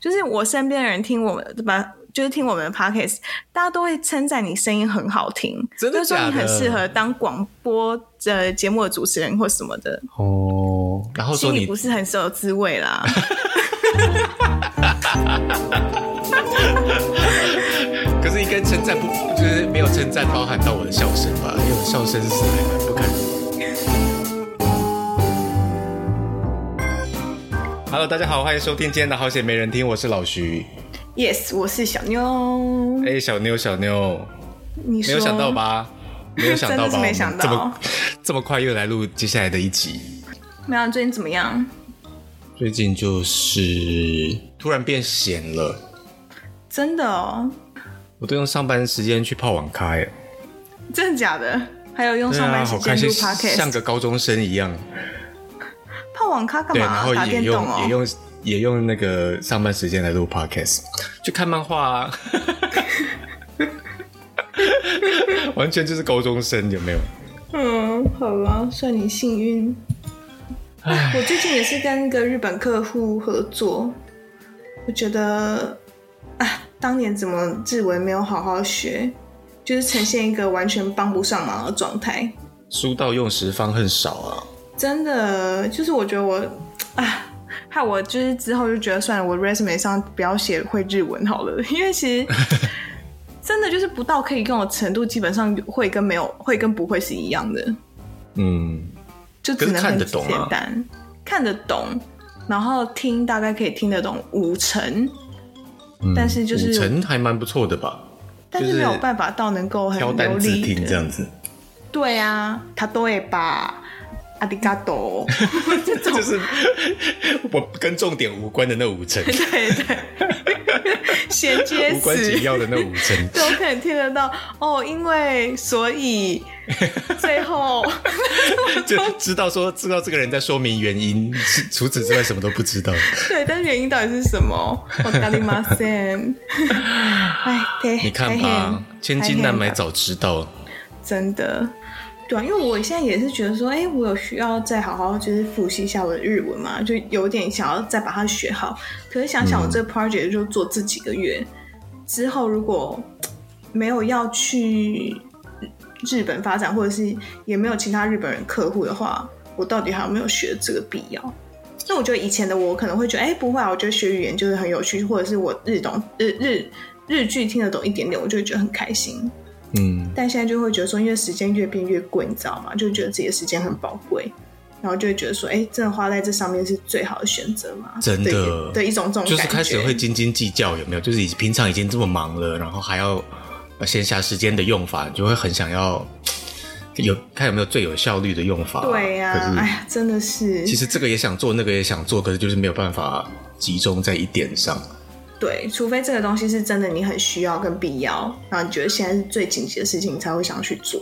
就是我身邊的人聽我們，對吧？就是聽我們的 Podcast，大家都會稱讚你聲音很好聽，真的假的就是、說你很適合當廣播的節目的主持人或什麼的。哦，然後說你，你不是很受滋味啦。 可是應該稱讚不就是沒有稱讚包含到我的笑聲吧？因為我笑聲是還蠻不堪的。Hello，大家好，歡迎收聽今天的好險沒人聽，我是老徐。Yes，我是小妞。哎、欸，小妞，小妞，你說沒有想到吧？沒有想到吧？怎 麼這麼快又來錄接下來的一集？沒有、啊，最近怎麼樣？最近就是突然變閒了。真的哦。我都用上班時間去泡網咖、欸。真的假的？還有用上班時間去 podcast，像個高中生一樣。泡網咖幹嘛、啊然後？打電動哦、喔。也用也用也用那個上班時間來錄 podcast，就看漫畫、啊， 完全就是高中生，有沒有？嗯，好了，算你幸運。我最近也是跟一個日本客戶合作，我覺得、啊、當年怎麼日文沒有好好學，就是呈現一個完全幫不上忙的狀態。書到用時方恨少啊。真的就是，我覺得我啊，害我就是之後就覺得算了，我 resume 上不要寫會日文好了。因為其實真的就是不到可以用的程度，基本上會跟沒有會跟不會是一樣的。嗯，就只能看得懂，簡單，看得懂啊，看得懂，然後聽大概可以聽得懂五成、嗯，但是就是五成還蠻不錯的吧。但是沒有辦法到能夠很流利聽這樣子。對啊，他都會把。阿里加多， 就是我跟重點無關的那五層，對對，對，銜 接無關緊要的那五層，都可能聽得到哦。因為所以最後 就知道說知道這個人在說明原因，除此之外什麼都不知道。對，但是原因到底是什麼？我迪馬森，哎，你看吧，千金難買早知道，真的。對啊，因為我現在也是覺得說，哎、欸，我有需要再好好就是複習一下我的日文嘛，就有點想要再把它學好。可是想想我這個 project 就做這幾個月、嗯、之後，如果沒有要去日本發展，或者是也沒有其他日本人客戶的話，我到底還有沒有學這個必要？那我覺得以前的我可能會覺得，哎、欸，不會啊，我覺得學語言就是很有趣，或者是我日懂、呃、日日日劇聽得懂一點點，我就會覺得很開心。嗯，但現在就會覺得說，因為時間越變越貴，你知道嗎？就覺得自己的時間很寶貴、嗯，然後就會覺得說，哎、欸，真的花在這上面是最好的選擇嗎？真的，對，對一種這種就是開始會斤斤計較，有沒有？就是你平常已經這麼忙了，然後還要閒暇時間的用法，就會很想要有看有沒有最有效率的用法。對呀、啊，哎呀，真的是，其實這個也想做，那個也想做，可是就是沒有辦法集中在一點上。對，除非這個東西是真的，你很需要跟必要，然後你覺得現在是最緊急的事情，你才會想要去做。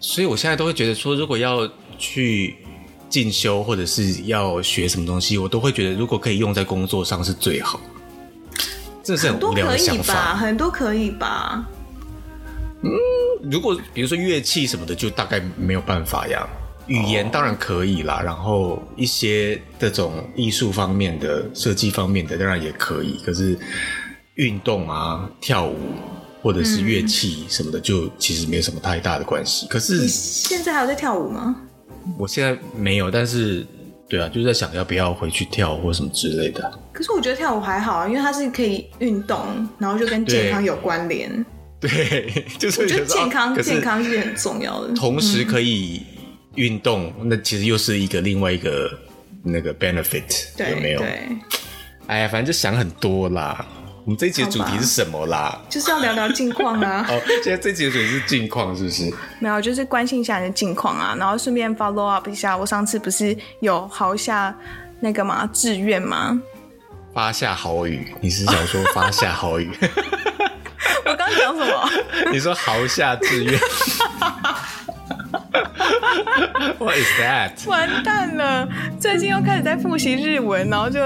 所以我現在都會覺得說，如果要去進修或者是要學什麼東西，我都會覺得如果可以用在工作上是最好。這是很多可以吧，很多可以吧。嗯，如果比如說樂器什麼的，就大概沒有辦法呀。語言當然可以啦，哦、然後一些這種藝術方面的、設計方面的當然也可以。可是運動啊、跳舞或者是樂器什麼的、嗯，就其實沒有什麼太大的關係。可是你現在還有在跳舞嗎？我現在沒有，但是對啊，就在想要不要回去跳或什麼之類的。可是我覺得跳舞還好啊，因為它是可以運動，然後就跟健康有關聯。對，對 就是我覺得健康健康是很重要的，嗯、同時可以。運動，那其實又是一個另外一個那個 benefit 對，有沒有對？哎呀，反正就想很多啦。我們這一集的主題是什麼啦？就是要聊聊近況啊。 哦，現在這一集主題是近況，是不是？ 沒有，就是關心一下你的近況啊，然後順便 follow up 一下。我上次不是有豪下那個嘛志願嗎？發下豪語，你是想說發下豪語？ 我剛剛講什麼？ 你說豪下志願。 What is that? 完蛋了！最近又開始在複習日文，然後就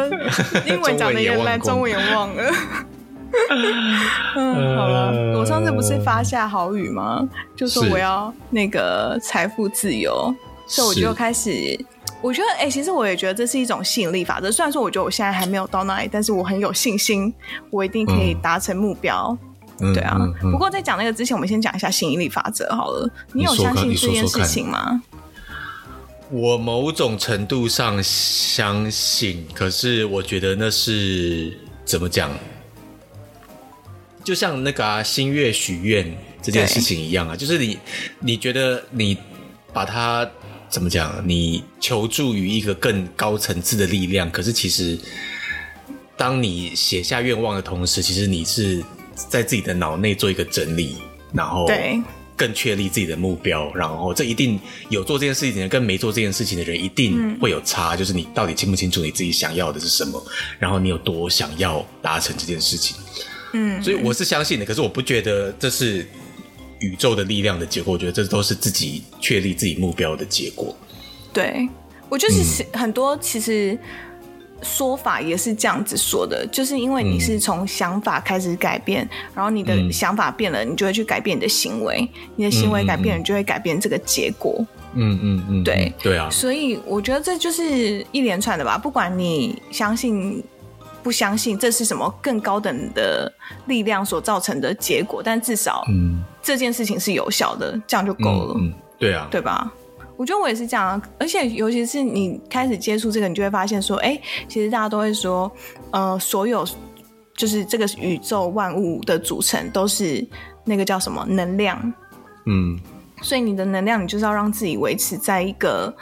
英文講的也爛， 中文也忘了。 嗯，好了，我上次不是發下豪語嗎？Uh, 就說我要那個財富自由，所以我就開始。我覺得，哎、欸，其實我也覺得這是一種吸引力法則。雖然說我覺得我現在還沒有到那裡，但是我很有信心，我一定可以達成目標。嗯對啊、嗯嗯嗯，不過在講那個之前，我們先講一下吸引力法則好了。你有相信這件事情嗎？你說說看，你說說看。我某種程度上相信，可是我覺得那是怎麼講？就像那個啊，星月許願這件事情一樣啊，就是你你覺得你把它怎麼講？你求助於一個更高層次的力量，可是其實當你寫下願望的同時，其實你是。在自己的腦內做一個整理，然後對，更確立自己的目標，然後這一定有做這件事情的人跟沒做這件事情的人一定會有差。嗯，就是你到底清不清楚你自己想要的是什麼，然後你有多想要達成這件事情。嗯，所以我是相信的，可是我不覺得這是宇宙的力量的結果，我覺得這都是自己確立自己目標的結果。對，我就是、嗯、很多其實。說法也是這樣子說的，就是因為你是從想法開始改變、嗯，然後你的想法變了、嗯，你就會去改變你的行為，嗯、你的行為改變了、嗯，你就會改變這個結果。嗯嗯嗯，對，對啊。所以我覺得這就是一連串的吧，不管你相信不相信，這是什麼更高等的力量所造成的結果，但至少，嗯，這件事情是有效的，這樣就夠了嗯。嗯，對啊，對吧？我覺得我也是這樣啊，而且尤其是你開始接觸這個，你就會發現說，誒、欸，其實大家都會說，呃，所有就是這個宇宙萬物的組成都是那個叫什麼能量，嗯，所以你的能量，你就是要讓自己維持在一個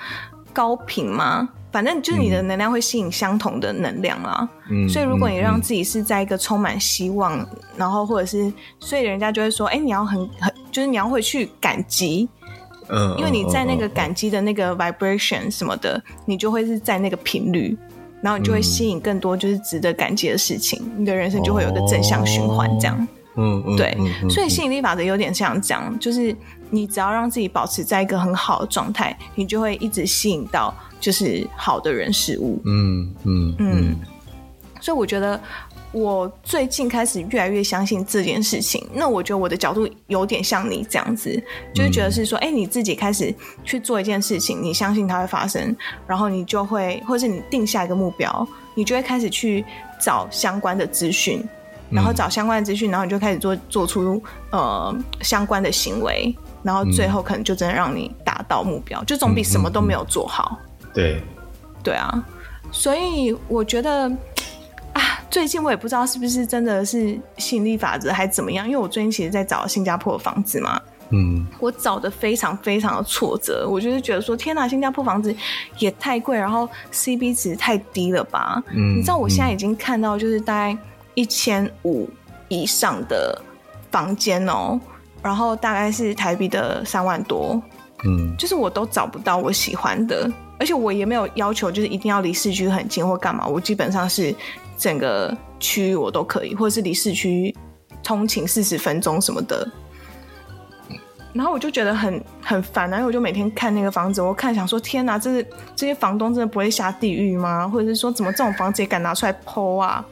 高頻嗎？反正就是你的能量會吸引相同的能量啦。嗯，所以如果你讓自己是在一個充滿希望、嗯嗯嗯，然後或者是，所以人家就會說，哎、欸，你要很很，就是你要會去感激。嗯，因為你在那個感激的那個 vibration 什麼的，嗯、你就會是在那個頻率，然後你就會吸引更多就是值得感激的事情，嗯、你的人生就會有個正向循環這樣。嗯，對，嗯、所以吸引力法則有點像這樣，就是你只要讓自己保持在一個很好的狀態，你就會一直吸引到就是好的人事物。嗯嗯嗯，所以我覺得。我最近開始越來越相信這件事情。那我覺得我的角度有點像你這樣子，就是覺得是說，哎、嗯欸，你自己開始去做一件事情，你相信它會發生，然後你就會，或是你定下一個目標，你就會開始去找相關的資訊，然後找相關的資訊，然後你就開始做做出呃相關的行為，然後最後可能就真的讓你達到目標，就總比什麼都沒有做好。嗯嗯嗯、對，對啊，所以我覺得。最近我也不知道是不是真的是吸引力法則還是怎麼樣，因為我最近其實在找新加坡的房子嘛，嗯，我找的非常非常的挫折，我就是覺得說天吶、啊，新加坡房子也太貴，然後 CB 值太低了吧，嗯，你知道我現在已經看到就是大概一千五以上的房間哦、喔，然後大概是台幣的三萬多，嗯，就是我都找不到我喜歡的，而且我也沒有要求就是一定要離市區很近或幹嘛，我基本上是。整個區我都可以，或者是離市區通勤四十分鐘什麼的。然後我就覺得很很煩，然後我就每天看那個房子，我看想說，天哪、啊，這是這些房東真的不會下地獄嗎？或者是說，怎麼這種房子也敢拿出來 po 啊？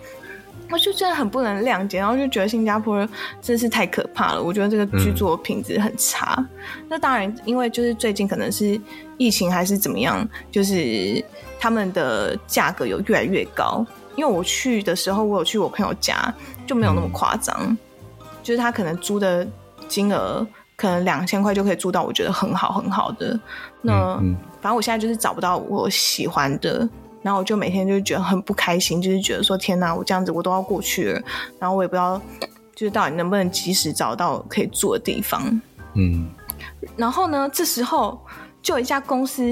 我就真的很不能諒解，然後就覺得新加坡真的是太可怕了。我覺得這個居住品質很差、嗯。那當然，因為就是最近可能是疫情還是怎麼樣，就是他們的價格有越來越高。因為我去的時候，我有去我朋友家，就沒有那麼誇張、嗯。就是他可能租的金額，可能兩千塊就可以租到，我覺得很好很好的。那、嗯嗯、反正我現在就是找不到我喜歡的，然後我就每天就覺得很不開心，就是覺得說天哪、啊，我這樣子我都要過去了，然後我也不知道就是到底能不能及時找到可以住的地方。嗯，然後呢，這時候就有一家公司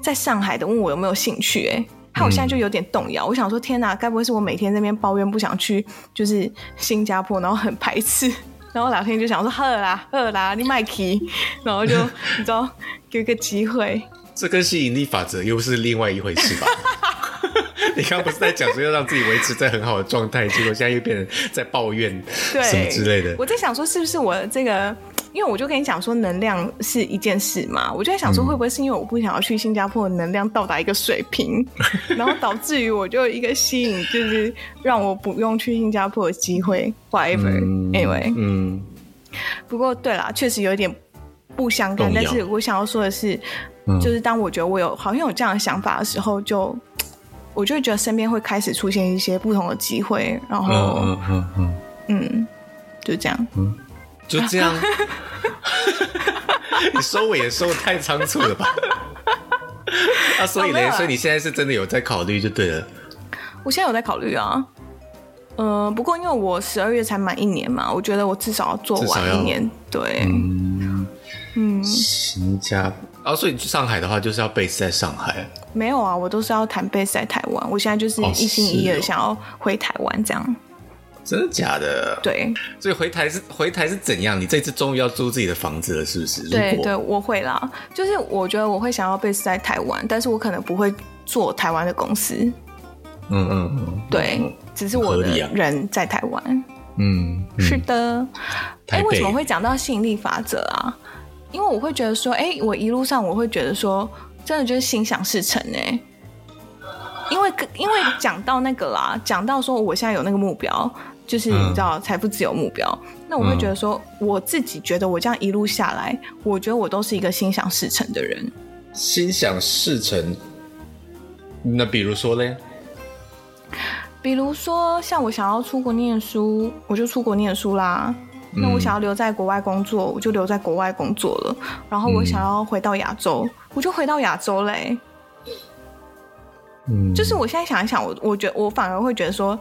在上海的問我有沒有興趣、欸，哎。看我現在就有點動搖、嗯，我想說，天哪，該不會是我每天在那邊抱怨不想去，就是新加坡，然後很排斥，然後老天就想說，好啦好啦，你賣氣，然後就 你知道，給個機會，這跟吸引力法則又是另外一回事吧？ 你剛不是在講說要讓自己維持在很好的狀態， 結果現在又變成在抱怨對，什麼之類的。我在想說，是不是我這個，因為我就跟你講說，能量是一件事嘛，我就在想說，會不會是因為我不想要去新加坡的能量到達一個水平，嗯、然後導致於我就一個吸引，就是讓我不用去新加坡的機會。whatever, anyway。嗯。不過對啦，確實有點不相干，但是我想要說的是、嗯，就是當我覺得我有好像有這樣的想法的時候，就。我就覺得身邊會開始出現一些不同的機會，然後，嗯，嗯，嗯，就，這嗯就這樣，就這樣， 你收尾也收的太倉促了吧？ 啊，所以呢，所以你現在是真的有在考慮就對了。我現在有在考慮啊，呃，不過因為我十二月才滿一年嘛，我覺得我至少要做完要一年，對，嗯，新加坡，然、啊、後所以上海的話就是要 base 在上海。沒有啊，我都是要談 base 在台灣。我現在就是一心一意的想要回台灣，這樣、哦哦、真的假的？對，所以回台是回台是怎樣？你這次終於要租自己的房子了，是不是？對對、對，我會啦，就是我覺得我會想要 base 在台灣，但是我可能不會做台灣的公司。嗯嗯、嗯，對，只是我的人在台灣。嗯、啊，是的。哎、嗯嗯、欸，為什麼會講到吸引力法則啊？因為我會覺得說，哎、欸，我一路上我會覺得說。真的就是心想事成呢、欸，因為因為講到那個啦，講到說我現在有那個目標，就是你知道財富自由目標、嗯，那我會覺得說、嗯，我自己覺得我這樣一路下來，我覺得我都是一個心想事成的人。心想事成，那比如說嘞？比如說，像我想要出國念書，我就出國念書啦。那我想要留在國外工作、嗯，我就留在國外工作了。然後我想要回到亞洲、嗯，我就回到亞洲嘞、欸。嗯，就是我現在想一想，我我覺我反而會覺得說，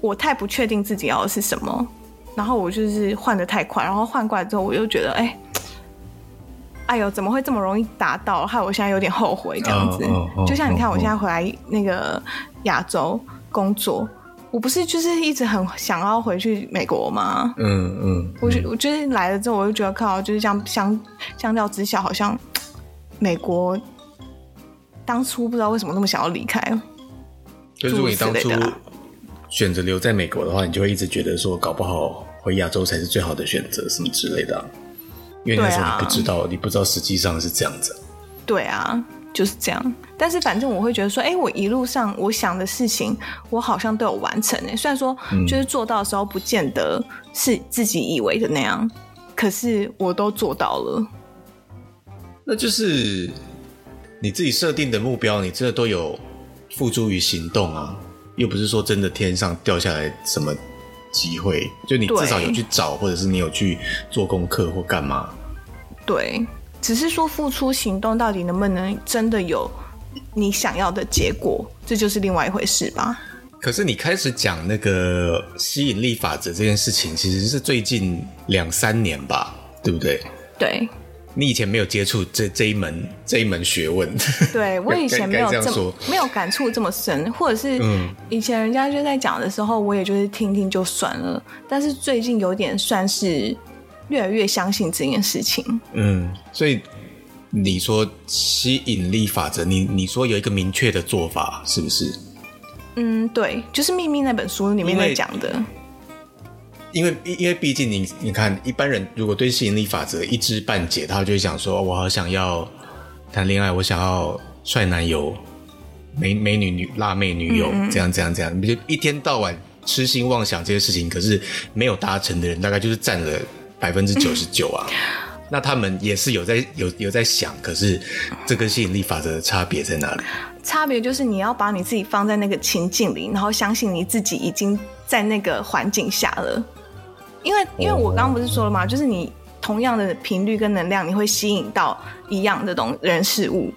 我太不確定自己要的是什麼。然後我就是換的太快，然後換過來之後，我又覺得哎，哎、欸、呦，怎麼會這麼容易達到？害我現在有點後悔這樣子。Oh, oh, oh, oh, oh, oh. 就像你看，我現在回來那個亞洲工作。我不是就是一直很想要回去美國嗎？嗯嗯，我就嗯我就是來了之後，我就覺得靠，就是這樣相相較之下，像像之好像美國當初不知道為什麼那麼想要離開、啊。就是如果你當初選擇留在美國的話，你就會一直覺得說，搞不好回亞洲才是最好的選擇什麼之類的、啊。因為那時候你不知道、啊，你不知道實際上是這樣子。對啊。就是這樣，但是反正我會覺得說，哎，欸，我一路上我想的事情，我好像都有完成欸。哎，雖然說就是做到的時候不見得是自己以為的那樣，嗯，可是我都做到了。那就是你自己設定的目標，你真的都有付諸於行動啊？又不是說真的天上掉下來什麼機會，就你至少有去找，或者是你有去做功課或幹嘛？對。只是說付出行動到底能不能真的有你想要的結果，這就是另外一回事吧。可是你開始講那個吸引力法則這件事情，其實是最近兩三年吧，對不對？對，你以前沒有接觸這這一門這一門學問。對我以前沒有這麼 這樣說沒有感觸這麼深，或者是嗯，以前人家就在講的時候，我也就是聽聽就算了。但是最近有點算是。越來越相信這件事情。嗯，所以你說吸引力法則，你你說有一個明確的做法，是不是？嗯，對，就是秘密那本書裡面在講的。因為因為畢竟你你看一般人如果對吸引力法則一知半解，他就會想說我好想要談戀愛，我想要帥男友、美美女、女、女辣妹女友，這樣這樣這樣，你就一天到晚痴心妄想這些事情，可是沒有達成的人，大概就是佔了。百分之九十九啊、嗯，那他們也是有在有有在想，可是這個吸引力法則的差別在哪裡？差別就是你要把你自己放在那個情境裡，然後相信你自己已經在那個環境下了。因為因為我剛剛不是說了嗎、哦哦？就是你同樣的頻率跟能量，你會吸引到一樣的東人事物。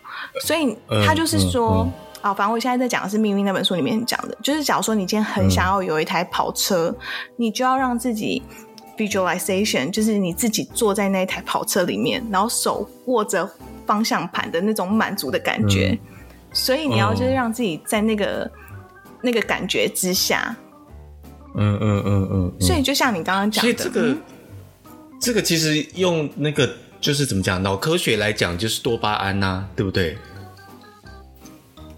所以他就是說啊、嗯嗯嗯哦，反正我現在在講的是《命運》那本書裡面講的，就是假如說你今天很想要有一台跑車，嗯、你就要讓自己。visualization 就是你自己坐在那台跑車裡面，然後手握着方向盤的那種滿足的感覺、嗯，所以你要就是讓自己在那個、嗯、那個感覺之下，嗯嗯嗯嗯，嗯，所以就像你剛剛講的，所以這個、嗯、這個其實用那個就是怎麼講，腦科學來講就是多巴胺吶、啊，對不對？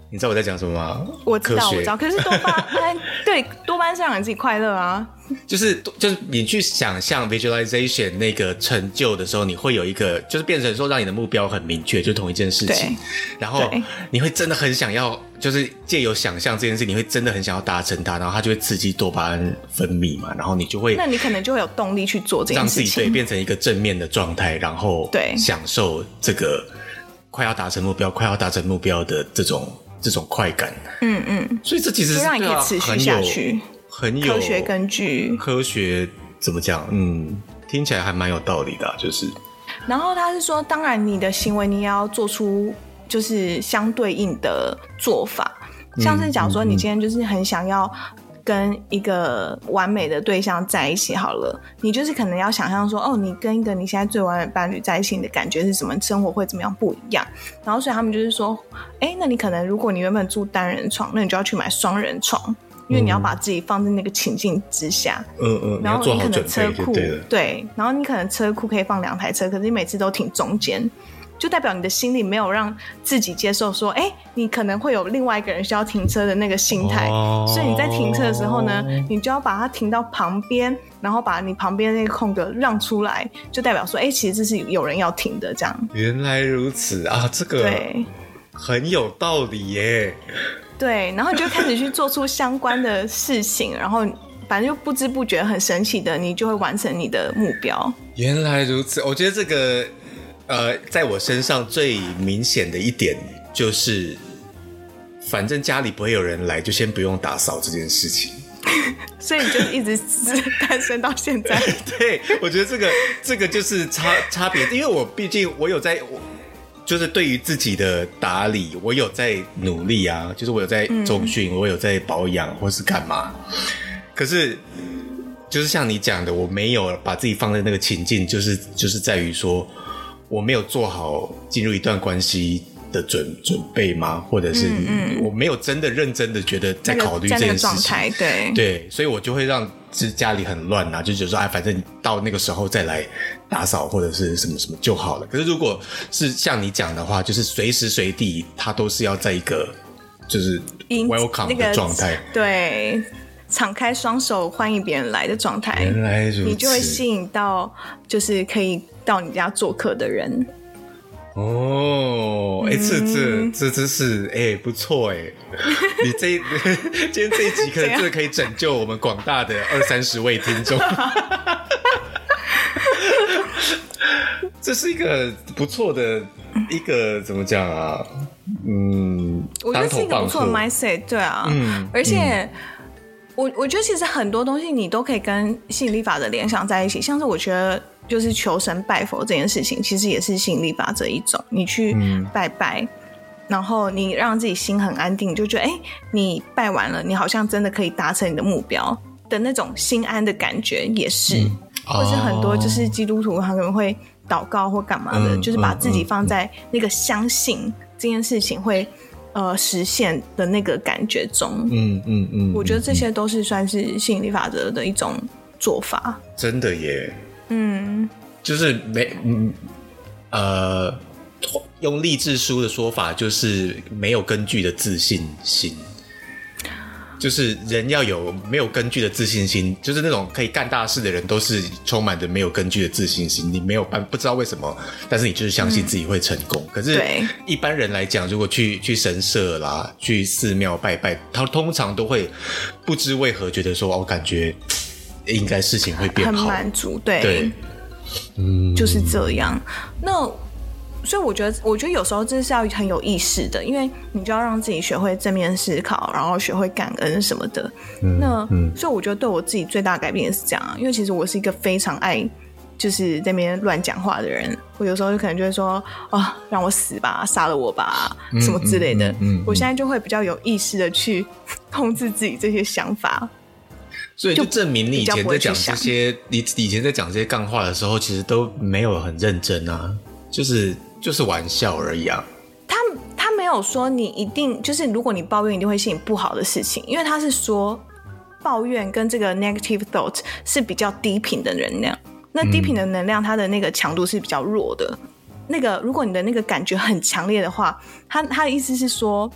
你知道我在講什麼嗎？我知道，我知道。可是多巴胺 對，多巴胺是讓人自己快樂啊。就是就是你去想象 visualization 那個成就的時候，你會有一個就是變成說讓你的目標很明確，就同一件事情。對。然後你會真的很想要，就是借由想象這件事，你會真的很想要達成它，然後它就會刺激多巴胺分泌嘛。然後你就會，那你可能就會有動力去做這件事情，讓自己對，變成一個正面的狀態，然後對享受這個快要達成目標、快要達成目標的這種。這種快感，嗯嗯，所以這其實是就讓你可以持續下去。啊、很有，很有科學根據、科學怎麼講？嗯，聽起來還蠻有道理的、啊，就是。然後他是說，當然你的行為你也要做出就是相對應的做法，嗯、像是講說你今天就是很想要。跟一個完美的對象在一起好了，你就是可能要想象說，哦，你跟一個你現在最完美伴侶在一起，你的感覺是什麼？生活會怎麼樣不一樣？然後所以他們就是說，哎、欸，那你可能如果你原本住單人床，那你就要去買雙人床，因為你要把自己放在那個情境之下。嗯嗯。然後你可能車庫、呃呃，對，然後你可能車庫可以放兩台車，可是你每次都停中間。就代表你的心裡沒有讓自己接受說，哎、欸，你可能會有另外一個人需要停車的那個心態，哦，所以你在停車的時候呢，你就要把它停到旁邊，然後把你旁邊那個空格讓出來，就代表說，哎、欸，其實這是有人要停的這樣。原來如此啊，這個對，很有道理耶。對，然後你就開始去做出相關的事情， 然後反正就不知不覺，很神奇的，你就會完成你的目標。原來如此，我覺得這個。呃，在我身上最明顯的一點就是，反正家裡不會有人來，就先不用打掃這件事情。 所以你就是一直單身到現在。 對，我覺得這個這個就是差差別，因為我畢竟我有在，我就是對於自己的打理，我有在努力啊，就是我有在重訓、嗯，我有在保養，或是幹嘛。可是就是像你講的，我沒有把自己放在那個情境、就是，就是就是在於說。我沒有做好進入一段關係的準準備嗎？或者是我沒有真的認真的覺得在考慮這件事情？對對，所以我就會讓其實家裡很亂啊，就覺得說，哎、啊，反正到那個時候再來打掃或者是什麼什麼就好了。可是如果是像你講的話，就是隨時隨地他都是要在一個就是 welcome 的狀態、那個，對。敞開雙手歡迎別人來的狀態，你就會吸引到就是可以到你家做客的人。哦，哎、欸，這這這真是哎、欸、不錯哎、欸， 你這一 今天這幾個字可以拯救我們廣大的二三十位聽眾。 這是一個不錯的一個怎麼講啊？嗯，我覺得是一個不錯的 mindset，對啊，嗯，而且。嗯我我覺得其實很多東西你都可以跟吸引力法則的聯想在一起，像是我覺得就是求神拜佛這件事情，其實也是吸引力法則這一種。你去拜拜、嗯，然後你讓自己心很安定，就覺得哎，你拜完了，你好像真的可以達成你的目標的那種心安的感覺，也是、嗯。或是很多就是基督徒他可能會禱告或幹嘛的、嗯，就是把自己放在那個相信這件事情會。呃，實現的那個感覺中，嗯嗯嗯，我覺得這些都是算是吸引力法則的一種做法。真的耶，嗯，就是沒，嗯，呃，用勵志書的說法就是沒有根據的自信心。就是人要有沒有根據的自信心，就是那種可以幹大事的人，都是充滿着沒有根據的自信心。你沒有辦不知道為什麼，但是你就是相信自己會成功。嗯、可是一般人來講，如果去去神社啦，去寺廟拜拜，他通常都會不知為何覺得說，我感覺應該事情會變好，很滿足。對，對嗯，就是這樣。那、no。所以我覺得，我覺得有時候真的是要很有意識的，因為你就要讓自己學會正面思考，然後學會感恩什麼的。嗯、那、嗯、所以我覺得對我自己最大的改變也是這樣、啊，因為其實我是一個非常愛就是在那邊亂講話的人，我有時候就可能就會說啊，讓我死吧，殺了我吧、嗯，什麼之類的嗯嗯嗯。嗯，我現在就會比較有意識的去控制自己這些想法。所以就證明你以前在講這，這些，你以前在講這些幹話的時候，其實都沒有很認真啊，就是。就是玩笑而已啊，他他沒有說你一定就是如果你抱怨一定會吸引不好的事情，因為他是說抱怨跟這個 negative thought 是比較低頻的能量，那低頻的能量它的那個強度是比較弱的，嗯、那個如果你的那個感覺很強烈的話，他他的意思是說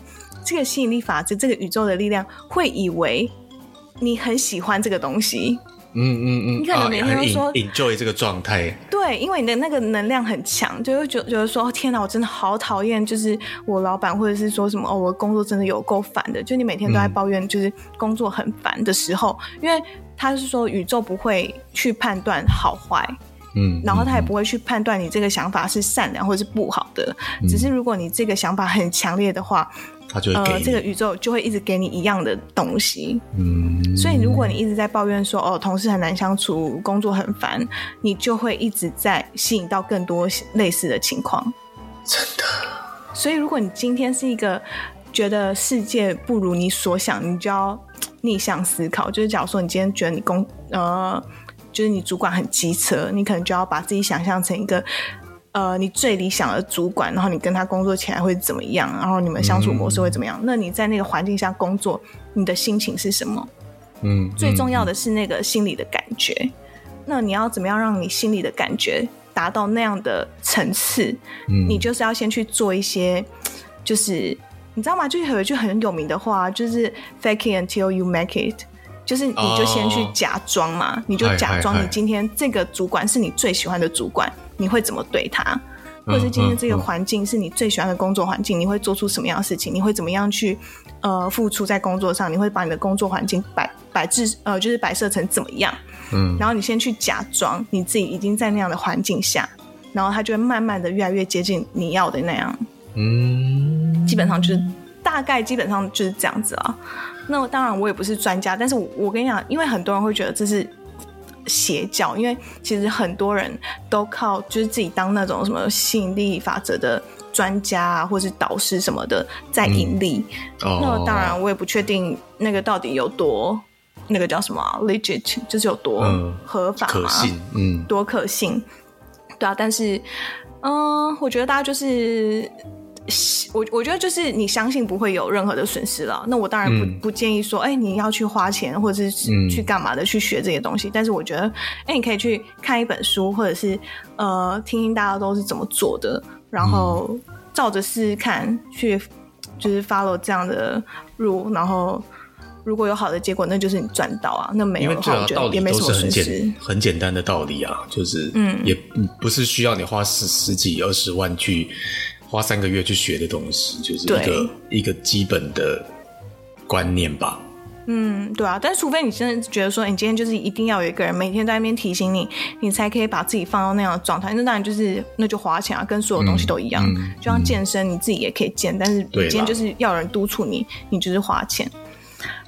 這個吸引力法則這個宇宙的力量會以為你很喜歡這個東西。嗯嗯嗯，你可能每天都說 enjoy、嗯、這個狀態，對，因為你的那個能量很強，就會覺覺得說，天哪，我真的好討厭，就是我老闆，或者是說什麼哦，我工作真的有夠煩的，就你每天都在抱怨，就是工作很煩的時候、嗯，因為他是說宇宙不會去判斷好壞，嗯，然後他也不會去判斷你這個想法是善良或者是不好的，只是如果你這個想法很強烈的話。他呃，這個宇宙就會一直給你一樣的東西。嗯，所以如果你一直在抱怨說，哦，同事很難相處，工作很煩，你就會一直在吸引到更多類似的情況。真的。所以如果你今天是一個覺得世界不如你所想，你就要逆向思考。就是假如說你今天覺得你工呃，就是你主管很機車，你可能就要把自己想象成一個。呃，你最理想的主管，然後你跟他工作起來會怎麼樣？然後你們相處模式會怎麼樣？嗯、那你在那個環境下工作，你的心情是什麼？嗯，最重要的是那個心裡的感覺、嗯。那你要怎麼樣讓你心裡的感覺達到那樣的層次、嗯？你就是要先去做一些，就是你知道嗎？就是有一句很有名的話，就是 fake it until you make it，就是你就先去假裝嘛、哦，你就假裝你今天這個主管是你最喜歡的主管。哎哎哎你會怎麼對他？或者是今天這個環境是你最喜歡的工作環境、嗯嗯嗯？你會做出什麼樣的事情？你會怎麼樣去呃付出在工作上？你會把你的工作環境擺擺置呃，就是擺設成怎麼樣？嗯。然後你先去假裝你自己已經在那樣的環境下，然後他就會慢慢的越來越接近你要的那樣。嗯。基本上就是大概，基本上就是這樣子啊。那我當然我也不是專家，但是我,我跟你講，因為很多人會覺得這是。邪教。因為其實很多人都靠，就是自己當那種什麼吸引力法則的專家啊，或是導師什麼的在盈利。嗯、那個、當然，我也不確定那個到底有多、嗯、那個叫什麼、啊、legit，就是有多合法、啊、可信，嗯，多可信。對啊，但是，嗯，我覺得大家就是。我我覺得就是你相信不會有任何的損失了，那我當然不、嗯、不建議說，哎、欸，你要去花錢或者是去幹嘛的、嗯、去學這些東西。但是我覺得，哎、欸，你可以去看一本書，或者是呃，聽聽大家都是怎麼做的，然後照着試試看，去就是 follow 這樣的路。然後如果有好的結果，那就是你賺到啊。那沒有的話，我覺得也沒什麼損失、啊很，很簡單的道理啊，就是嗯，也不是需要你花十十幾二十萬去。花三個月去學的東西，就是一個對一個基本的觀念吧。嗯，對啊，但是除非你真的覺得說，你今天就是一定要有一個人每天在那邊提醒你，你才可以把自己放到那樣的狀態。那當然就是那就花錢啊，跟所有東西都一樣，嗯嗯、就像健身，你自己也可以健，嗯，但是你今天就是要有人督促你，你就是花錢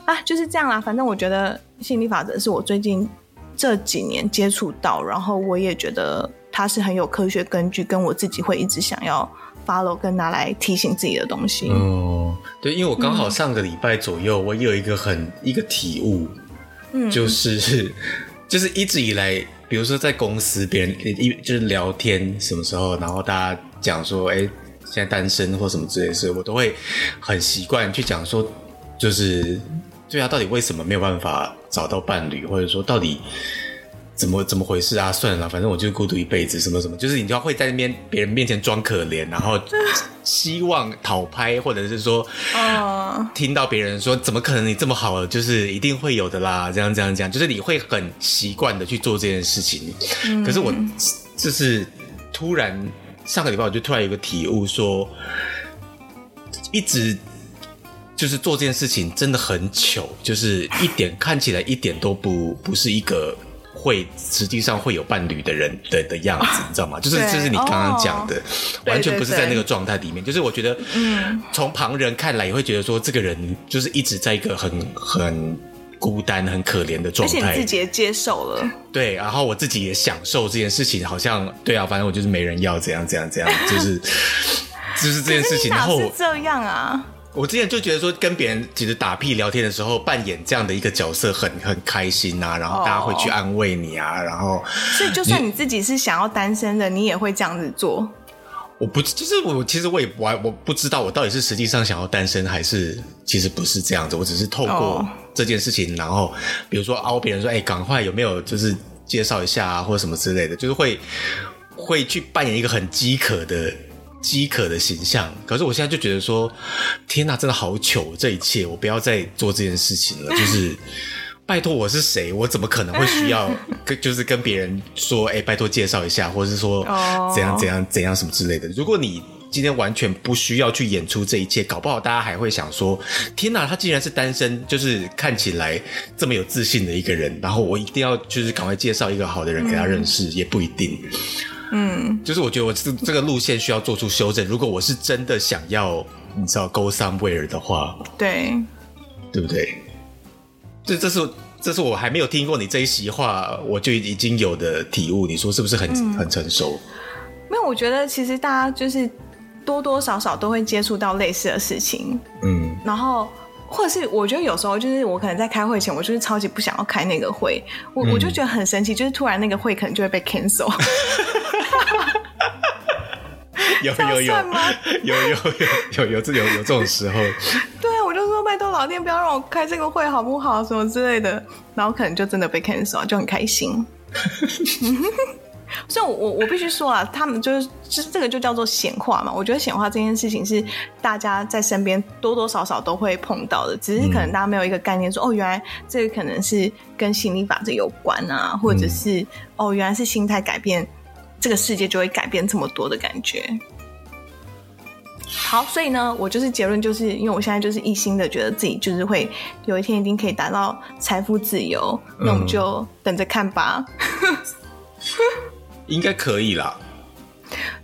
啊，就是這樣啦。反正我覺得心理法則是我最近這幾年接觸到，然後我也覺得它是很有科學根據，跟我自己會一直想要 follow 跟拿來提醒自己的東西。嗯、哦、對，因為我剛好上個禮拜左右，嗯、我也有一個很一個體悟，就是、嗯，就是就是一直以來，比如說在公司別人一就是聊天什麼時候，然後大家講說，哎、欸，現在單身或什麼之類的事，所以我都會很習慣去講說，就是對啊，到底為什麼沒有辦法找到伴侶，或者說到底。怎麼怎麼回事啊？算了，反正我就孤獨一輩子。什麼什麼，就是你就會在那邊別人面前裝可憐，然後 希望討拍，或者是說、oh. 聽到別人說怎麼可能你這麼好，就是一定會有的啦。這樣這樣這樣，就是你會很習慣的去做這件事情。可是我就是突然 上個禮拜，我就突然有個體悟說一直就是做這件事情真的很糗，就是一點 看起來一點都不不是一個。會實際上會有伴侶的人的的，的樣子，你知道嗎？就是就是你剛剛講的，oh, 完全不是在那個狀態裡面對對對。就是我覺得，嗯，從旁人看來也會覺得說，這個人就是一直在一個很很孤單、很可憐的狀態。而且你自己也接受了，對，然後我自己也享受這件事情。好像對啊，反正我就是沒人要，怎樣怎樣怎樣，就是 就是這件事情。然後這樣啊。我之前就覺得說，跟別人其實打屁聊天的時候，扮演這樣的一個角色很很開心啊，然後大家會去安慰你啊，然後、oh. 所以就算你自己是想要單身的，你也會這樣子做。我不就是我，其實我也我我不知道我到底是實際上想要單身，還是其實不是這樣子。我只是透過這件事情，oh. 然後比如說凹別人說，哎、欸，趕快有沒有就是介紹一下啊，或者什麼之類的，就是會會去扮演一個很飢渴的。飢渴的形象，可是我現在就覺得說，天哪、啊，真的好糗，這一切，我不要再做這件事情了。就是拜托，我是誰？我怎麼可能會需要跟 就是跟別人說，哎、欸，拜托介紹一下，或是說怎樣怎樣怎樣什麼之類的？如果你今天完全不需要去演出這一切，搞不好大家還會想說，天哪、啊，他竟然是單身，就是看起來這麼有自信的一個人，然後我一定要就是趕快介紹一個好的人給他認識，嗯、也不一定。嗯，就是我覺得我這這個路線需要做出修正。如果我是真的想要你知道 go somewhere 的話，對，對不對？這這是這是我還沒有聽過你這一席話，我就已經有的體悟。你說是不是很、嗯、很成熟？沒有，我覺得其實大家就是多多少少都會接觸到類似的事情。嗯，然後或者是我覺得有時候就是我可能在開會前，我就是超級不想要開那個會，我、嗯、我就覺得很神奇，就是突然那個會可能就會被 cancel。 .有有有有有有有，有，有這種時候。 對啊，我就說拜託老天不要讓我開這個會好不好？什麼之類的，然後可能就真的被 cancel 就很開心。 所以我，我我必須說啊，他們就是就是這個就叫做顯化嘛。我覺得顯化這件事情是大家在身邊多多少少都會碰到的，只是可能大家沒有一個概念說，說、嗯、哦，原來這個可能是跟心理法則有關啊，或者是、嗯、哦，原來是心態改變，這個世界就會改變這麼多的感覺。好，所以呢，我就是結論，就是因為我現在就是一心的覺得自己就是會有一天一定可以達到財富自由、嗯，那我們就等着看吧。 應該可以啦。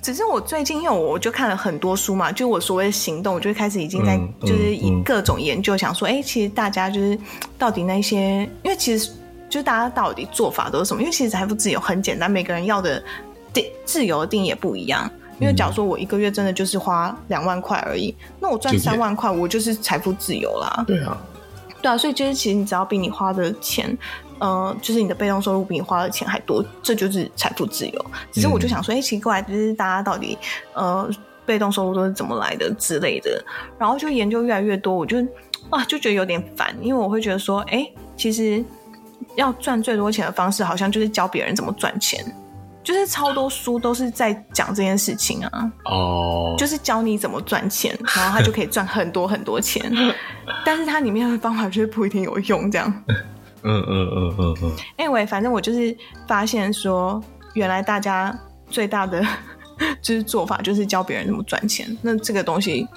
只是我最近，因為我我就看了很多書嘛，就我所謂的行動，我就開始已經在就是以各種研究，想說，哎、嗯嗯欸，其實大家就是到底那些，因為其實就是、大家到底做法都是什麼？因為其實財富自由很簡單，每個人要的定自由的定義也不一樣。因為假如說我一個月真的就是花兩萬塊而已，那我賺三萬塊，我就是財富自由啦。對啊，對啊，所以就是其實你只要比你花的錢，呃，就是你的被動收入比你花的錢還多，這就是財富自由。只是我就想說，哎，奇怪，就是大家到底呃，被動收入都是怎麼來的之類的，然後就研究越來越多，我就啊就覺得有點煩，因為我會覺得說，哎，其實要賺最多錢的方式，好像就是教別人怎麼賺錢。就是超多書都是在講這件事情啊，哦、oh.，就是教你怎麼賺錢，然後他就可以賺很多很多錢， 但是它裡面的方法就是不一定有用，這樣，嗯嗯嗯嗯嗯。哎、嗯、喂，嗯嗯、anyway, 反正我就是發現說，原來大家最大的 就是做法就是教別人怎麼賺錢，那這個東西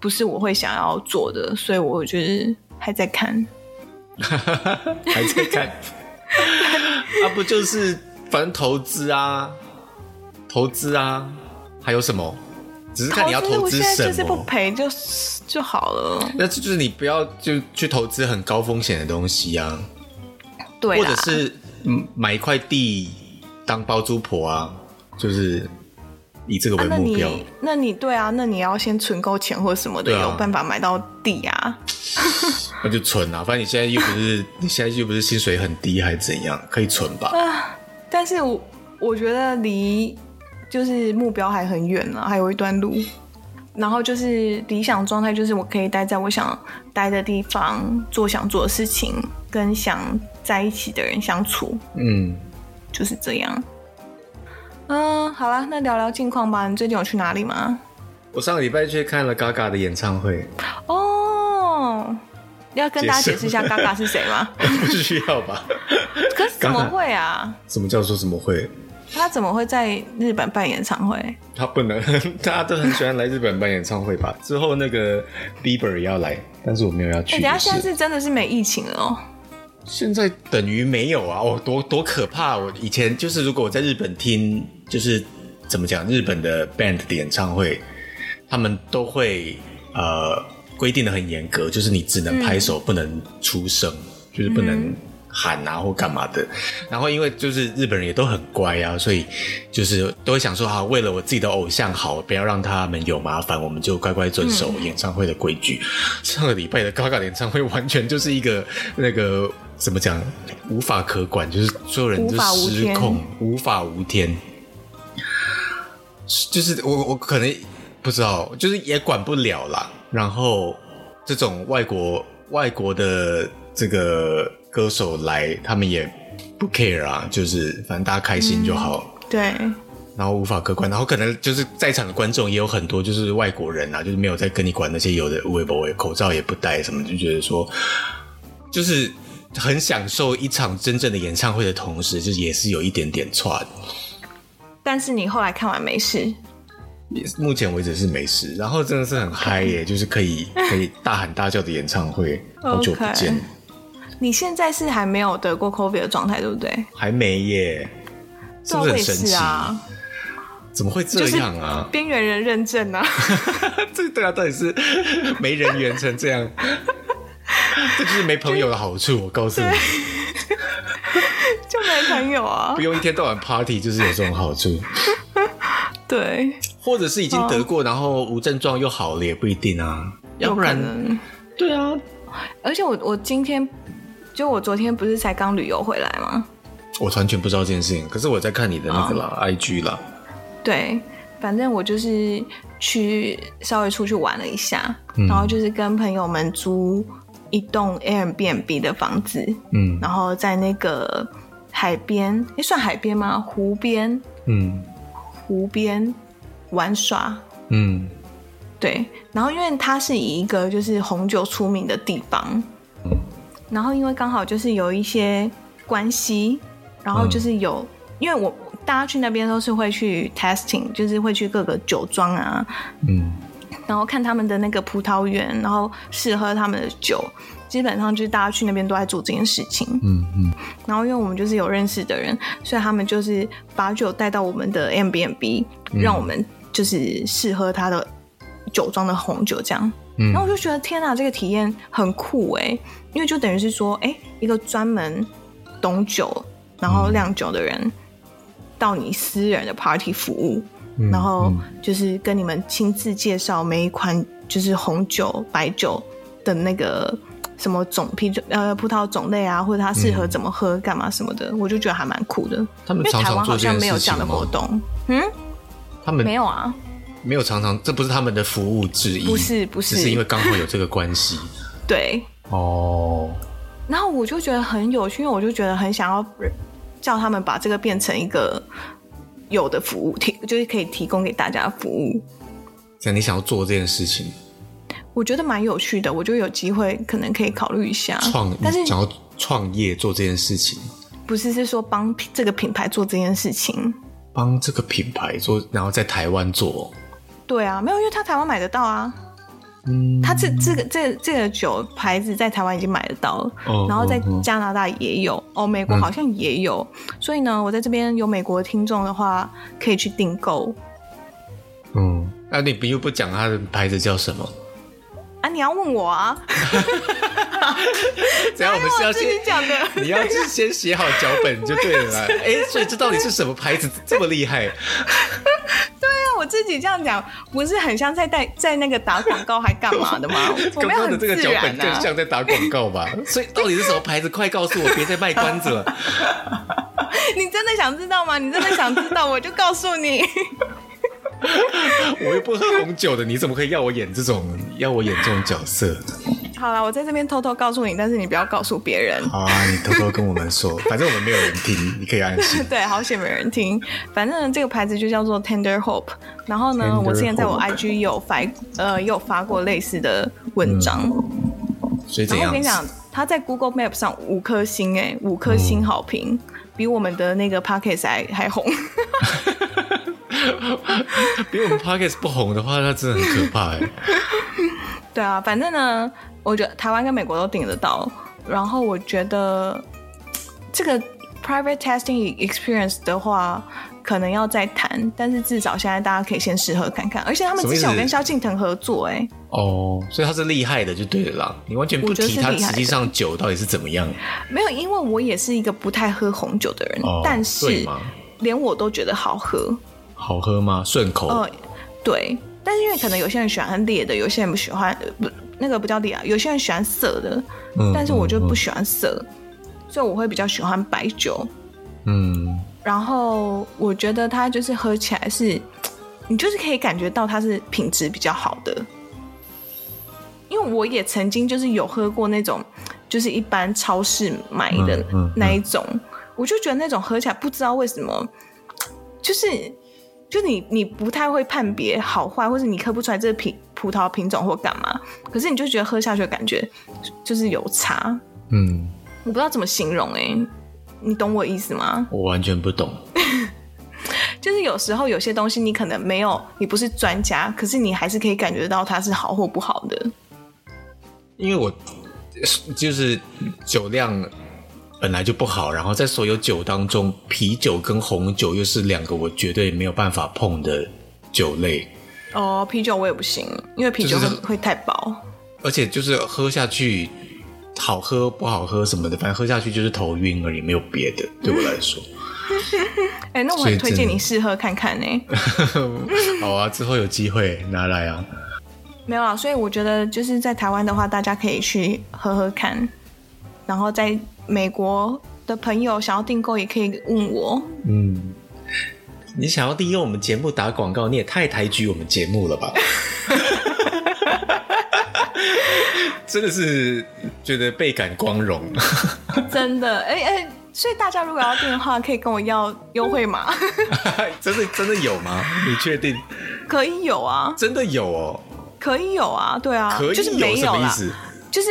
不是我會想要做的，所以我就是還在看， 還在看， 啊不就是。反正投資啊，投資啊，還有什麼？只是看你要投資什麼。我現在就是不賠就就好了。那這就是你不要就去投資很高風險的東西啊。對。或者是買一塊地當包租婆啊，就是以這個為目標。啊、那，你那你對啊，那你要先存夠錢或什麼的對、啊，有辦法買到地啊？ 那就存啊，反正你現在又不是你現在又不是薪水很低，還是怎樣，可以存吧。啊但是我，我我覺得離就是目標還很遠呢、啊，還有一段路。然後就是理想狀態，就是我可以待在我想待的地方，做想做的事情，跟想在一起的人相處。嗯，就是這樣。嗯，好啦，那聊聊近況吧。你最近有去哪裡嗎？我上個禮拜去看了 Gaga 的演唱會。哦，要跟大家解釋一下 Gaga 是誰嗎？ 不需要吧。 可是怎麼會啊？什麼叫做怎麼會？他怎麼會在日本辦演唱會？他不能，大家都很喜歡來日本辦演唱會吧？ 之後那個 Bieber 也要來，但是我沒有要去、欸。等下，現在是真的是沒疫情了哦？現在等於沒有啊？哦，多多可怕！我以前就是如果我在日本聽，就是怎麼講日本的 band 的演唱會，他們都會呃規定得很嚴格，就是你只能拍手，嗯、不能出聲，就是不能。嗯喊啊或幹嘛的，然後因為就是日本人也都很乖啊，所以就是都會想說啊，為了我自己的偶像好，不要讓他們有麻煩，我們就乖乖遵守演唱會的規矩。嗯、上個禮拜的高卡演唱會完全就是一個那個怎麼講，無法可管，就是所有人都失控無無，無法無天。就是我我可能不知道，就是也管不了啦，然後這種外國外國的這個。歌手來，他們也不 care 啊，就是反正大家開心就好，嗯。對。然後無法客觀，然後可能就是在場的觀眾也有很多，就是外國人啊，就是沒有在跟你管那些有的沒的，口罩也不戴什麼，就覺得說，就是很享受一場真正的演唱會的同時，就也是有一點點串。但是你後來看完沒事？目前為止是沒事，然後真的是很嗨耶，欸，就是可以可以大喊大叫的演唱會， 好久不見。Okay. 你現在是還沒有得過 COVID 的狀態，對不對？還沒耶，這不是很神奇啊！怎麼會這樣啊？就是邊緣人認證啊 對！對啊，到底是沒人緣成這樣， 這就是沒朋友的好處。我告訴你， 就沒朋友啊！不用一天到晚 party，就是有這種好處。 對，或者是已經得過，啊、然後無症狀又好了，也不一定啊。要不然，對啊，而且我我今天。就我昨天不是才剛旅遊回來嗎？我完全不知道這件事情。可是我在看你的那個啦，Oh，IG 啦。對，反正我就是去稍微出去玩了一下，嗯、然後就是跟朋友們租一棟 Airbnb 的房子，嗯，然後在那個海邊，哎、欸，算海邊嗎？湖邊，嗯，湖邊玩耍，嗯，對。然後因為它是以一個就是紅酒出名的地方。然後因為剛好就是有一些關係，然後就是有，嗯、因為我大家去那邊都是會去 testing，就是會去各個酒莊啊，嗯，然後看他們的那個葡萄園，然後試喝他們的酒，基本上就是大家去那邊都在做這件事情，嗯嗯。然後因為我們就是有認識的人，所以他們就是把酒帶到我們的 MBMB，讓我們就是試喝他的酒莊的紅酒這樣。然後我就覺得天啊，這個體驗很酷哎、欸，因為就等於是說，哎，一個專門懂酒然後釀酒的人、嗯，到你私人的 party 服務、嗯，然後就是跟你們親自介紹每一款就是紅酒、白酒的那個什麼種啤酒，呃、葡萄種類啊，或者它適合怎麼喝幹嘛什麼的，嗯、我就覺得還蠻酷的。他們常常做這件事情？因為台灣好像沒有這樣的活動，嗯，他們沒有啊。沒有常常，這不是他們的服務之一，不是不是，只是因為剛好有這個關係。 對，哦、oh。然後我就覺得很有趣，因為我就覺得很想要叫他們把這個變成一個有的服務提，就是可以提供給大家服務。在、啊、你想要做這件事情，我覺得蠻有趣的，我就有機會可能可以考慮一下創，但是想要創業做這件事情，不是是說幫這個品牌做這件事情，幫這個品牌做，然後在台灣做。對啊，沒有，因為他台灣買得到啊，嗯、他這這個這這個酒牌子在台灣已經買得到了、哦，然後在加拿大也有，哦，哦美國好像也有、嗯，所以呢，我在這邊有美國的聽眾的話，可以去訂購。嗯，那、啊、你又不用不講他的牌子叫什麼？啊！你要問我啊？等下 要我們是要先講的， 你要先寫好腳本就對了。哎、欸，所以這到底是什麼牌子這麼厲害？ 對啊，我自己這樣講不是很像在在在那個打廣告還幹嘛的嗎？我覺得這個腳本更像在打廣告吧？所以到底是什麼牌子？快告訴我，別再賣關子了。你真的想知道嗎？你真的想知道，我就告訴你。 我又不喝紅酒的，你怎麼可以要我演這種要我演這種角色？好啦，我在這邊偷偷告訴你，但是你不要告訴別人。啊，你偷偷跟我們說， 反正我們沒有人聽，你可以安心。對，好險沒人聽。反正這個牌子就叫做 Tender Hope，然後呢，Tender、我之前在，在我 IG 有發呃有發過類似的文章。嗯、然後我跟你講，他在 Google Map 上五顆星哎、欸，五顆星好評、嗯，比我們的那個 Podcast 還還紅。 比我們 podcast 不紅的話，那真的很可怕哎、欸。 對啊，反正呢，我覺得台灣跟美國都頂得到。然後我覺得這個 private testing experience 的話，可能要再談，但是至少現在大家可以先試喝看看。而且他們之前有跟蕭敬騰合作哎、欸。哦，oh, 所以他是厲害的就對了啦。你完全不提他，實際上酒到底是怎麼樣的？沒有，因為我也是一個不太喝紅酒的人，oh, 但是連我都覺得好喝。好喝嗎？順口？呃，對，但是因為可能有些人喜歡很烈的，有些人不喜歡，呃、不那個不叫烈啊，有些人喜歡澀的、嗯，但是我就不喜歡澀、嗯嗯，所以我會比較喜歡白酒。嗯，然後我覺得它就是喝起來是，你就是可以感覺到它是品質比較好的，因為我也曾經就是有喝過那種就是一般超市買的那一種、嗯嗯嗯，我就覺得那種喝起來不知道為什麼，就是。就你，你不太會判別好壞，或是你喝不出來這個品葡萄品種或幹嘛，可是你就覺得喝下去的感覺就是有差。嗯，我不知道怎麼形容哎、欸，你懂我意思嗎？我完全不懂。 就是有時候有些東西你可能沒有，你不是專家，可是你還是可以感覺到它是好或不好的。因為我就是酒量本來就不好，然後在所有酒當中，啤酒跟紅酒又是兩個我絕對沒有辦法碰的酒類。哦，啤酒我也不行，因為啤酒會太薄、就是，而且就是喝下去，好喝不好喝什麼的，反正喝下去就是頭暈而已，沒有別的、嗯。對我來說，哎、欸，那我很推薦你試喝看看呢、欸。 好啊，之後有機會拿來啊。嗯、沒有啊，所以我覺得就是在台灣的話，大家可以去喝喝看，然後再。美國的朋友想要訂購，也可以問我。嗯，你想要利用我們節目打廣告，你也太抬舉我們節目了吧？ 真的是覺得倍感光榮。 真的，哎、欸、哎、欸，所以大家如果要訂的話，可以跟我要優惠嗎？ 真的真的有嗎？你確定？可以有啊，真的有哦，可以有啊，對啊，可以，就是沒有意思，就是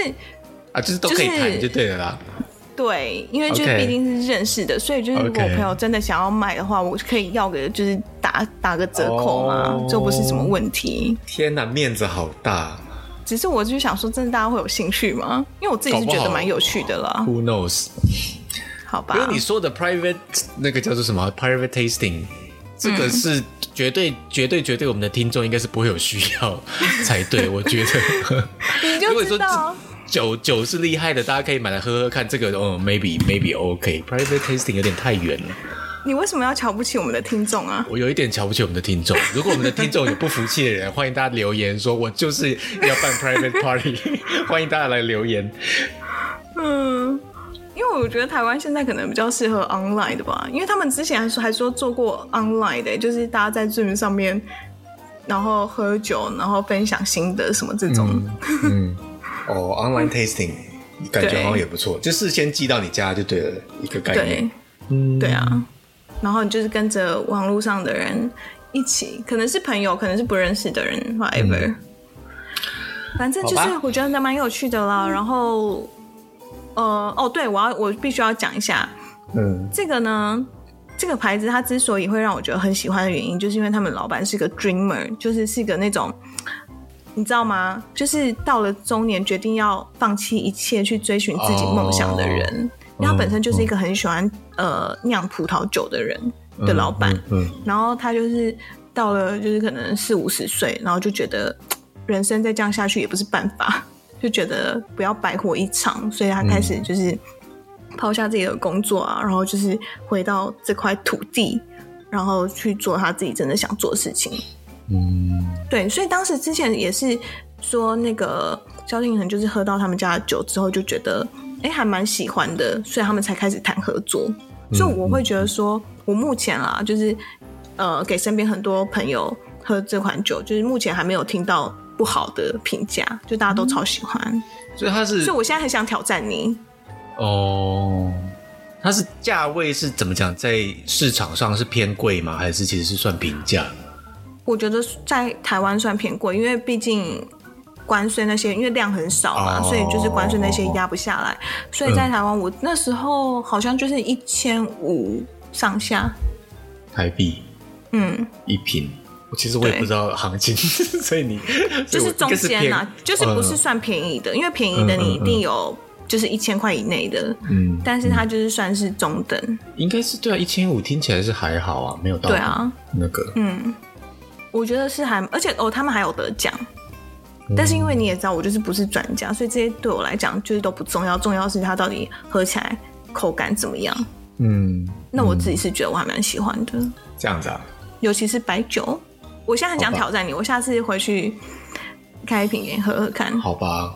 啊，就是都可以談就對了啦。就是對，因為就是畢竟是認識的，okay, 所以就是如果我朋友真的想要買的話，okay. 我可以要個就是打打個折扣嘛，就、oh, 不是什麼問題。天哪，面子好大。只是我就想說，真的大家會有興趣嗎？因為我自己是覺得蠻有趣的啦。Who knows？好吧。因為你說的 private 那個叫做什麼 private tasting，這個是絕對、嗯、絕對絕對我們的聽眾應該是不會有需要才對， 我覺得。 你就知道。酒酒是厲害的，大家可以買來喝喝看。這個哦、oh,，maybe maybe OK，private、okay. tasting 有點太遠了。你為什麼要瞧不起我們的聽眾啊？我有一點瞧不起我們的聽眾。如果我們的聽眾有不服氣的人， 歡迎大家留言說：“我就是要辦 private party。 ”歡迎大家來留言。嗯，因為我覺得台灣現在可能比較適合 online 的吧，因為他們之前還說還說做過 online 的、欸，就是大家在 Zoom 上面，然後喝酒，然後分享心得什麼這種。嗯嗯哦、oh,，online tasting、嗯、感覺好像也不錯，就是先寄到你家就對了，一個概念。對，對啊。然後你就是跟着網路上的人一起，可能是朋友，可能是不認識的人，whatever、嗯。反正就是我覺得蠻有趣的啦。然後、嗯呃，哦，對，我要我必須要講一下，嗯，這個呢，這個牌子，它之所以會讓我覺得很喜歡的原因，就是因為他們老闆是個 dreamer，就是是個那種。你知道嗎？就是到了中年，決定要放棄一切去追尋自己夢想的人，oh, oh, oh. 因為他本身就是一個很喜歡呃釀葡萄酒的人的老闆。嗯，oh, oh, oh. 然後他就是到了就是可能四五十歲，然後就覺得人生再這樣下去也不是辦法，就覺得不要白活一場，所以他開始就是拋下自己的工作啊，然後就是回到這塊土地，然後去做他自己真的想做的事情。嗯，對，所以當時之前也是說那個蕭敬騰就是喝到他們家的酒之後就覺得，哎、欸，還蠻喜歡的，所以他們才開始談合作、嗯。所以我會覺得說，我目前啊，就是呃，給身邊很多朋友喝這款酒，就是目前還沒有聽到不好的評價，就大家都超喜歡、嗯。所以他是，所以我現在很想挑戰你。哦，他是價位是怎麼講？在市場上是偏貴嗎？還是其實是算平價？我覺得在台灣算偏貴，因為畢竟關稅那些，因為量很少嘛，oh, 所以就是關稅那些壓不下來。Oh. 所以在台灣，我那時候好像就是一千五上下、嗯、台幣，嗯，一瓶。我其實我也不知道行情， 所以你就是中間啦、啊，就是不是算便宜的、嗯，因為便宜的你一定有就是一千塊以內的，嗯，但是它就是算是中等，嗯嗯、應該是對啊，一千五聽起來是還好啊，沒有到、那個、對啊那個嗯。我覺得是還，而且哦，他們還有得獎，但是因為你也知道，我就是不是專家、嗯，所以這些對我來講就是都不重要。重要是它到底喝起來口感怎麼樣？嗯，嗯，那我自己是覺得我還蠻喜歡的。這樣子啊，尤其是白酒，我現在很想挑戰你，我下次回去開一瓶給你喝喝看。好吧，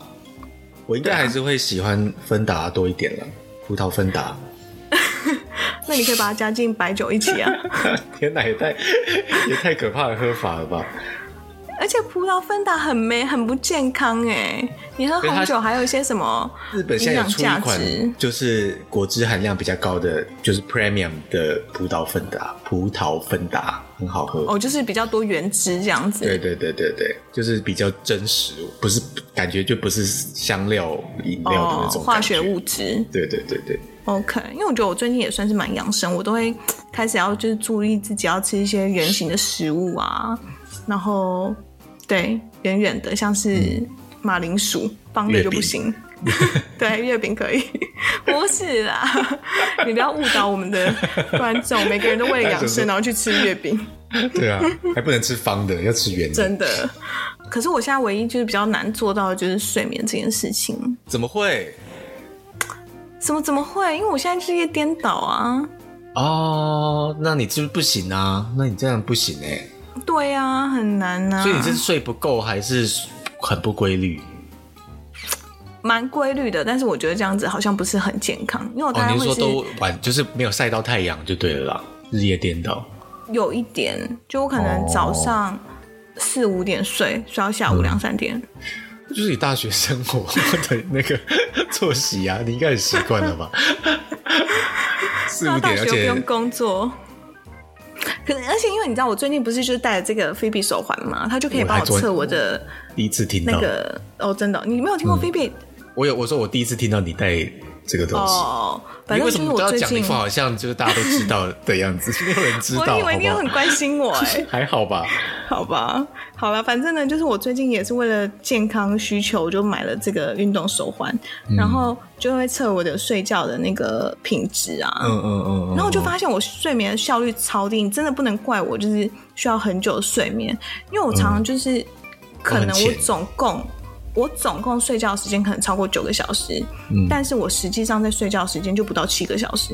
我應該還是會喜歡芬達多一點了，葡萄芬達。那你可以把它加進白酒一起啊！ 天吶，也太也太可怕的喝法了吧！而且葡萄芬達很沒，很不健康哎。你喝紅酒還有一些什麼營養價值？日本現在有出一款就是果汁含量比較高的，就是 premium 的葡萄芬達，葡萄芬達很好喝哦，就是比較多原汁這樣子。對對對對對，就是比較真實，不是感覺就不是香料飲料的那種、哦、化學物質。對對對對。OK，因為我覺得我最近也算是蠻養生，我都會開始要就是注意自己要吃一些圓形的食物啊，然後，對，圓圓的，像是馬鈴薯，方的就不行。月餅 對，月餅可以， 不是啦， 你不要誤導我們的觀眾， 每個人都為了養生然後去吃月餅。 對啊，還不能吃方的，要吃圓的。 真的，可是我現在唯一就是比較難做到的就是睡眠這件事情。怎麼會？怎麼怎麼會？因為我現在日夜顛倒啊！哦，那你是不是不行啊？那你這樣不行呢？欸？對啊，很難啊。所以你這是睡不夠，還是很不規律？蠻規律的，但是我覺得這樣子好像不是很健康，因為我打、哦。你說都晚，就是沒有曬到太陽就對了啦，日夜顛倒。有一點，就我可能早上四五點睡，睡、哦、到下午兩三點。嗯就是你大學生活的那個作息啊， 你應該很習慣了吧 是啊，大學不用工作，可是,而且因為你知道，我最近不是就是戴了這個菲比手環嘛，他就可以幫我測我的、那個、第一次聽到那個哦，真的、哦，你沒有聽過菲比、嗯？我有，我說我第一次聽到你戴。這個東西，哦，反正就是我最近要講的話，好像就是大家都知道的 樣子。我以為你很關心我、欸、 還好吧？好吧，好了，反正呢，就是我最近也是為了健康需求，我就買了這個運動手環、嗯，然後就會測我的睡覺的那個品質啊，嗯嗯嗯，嗯嗯嗯，然後我就發現我睡眠效率超低，你真的不能怪我，就是需要很久的睡眠，因為我常常就是、嗯、可能我總共。我總共睡覺時間可能超過九個小時，嗯，但是我實際上在睡覺時間就不到七個小時，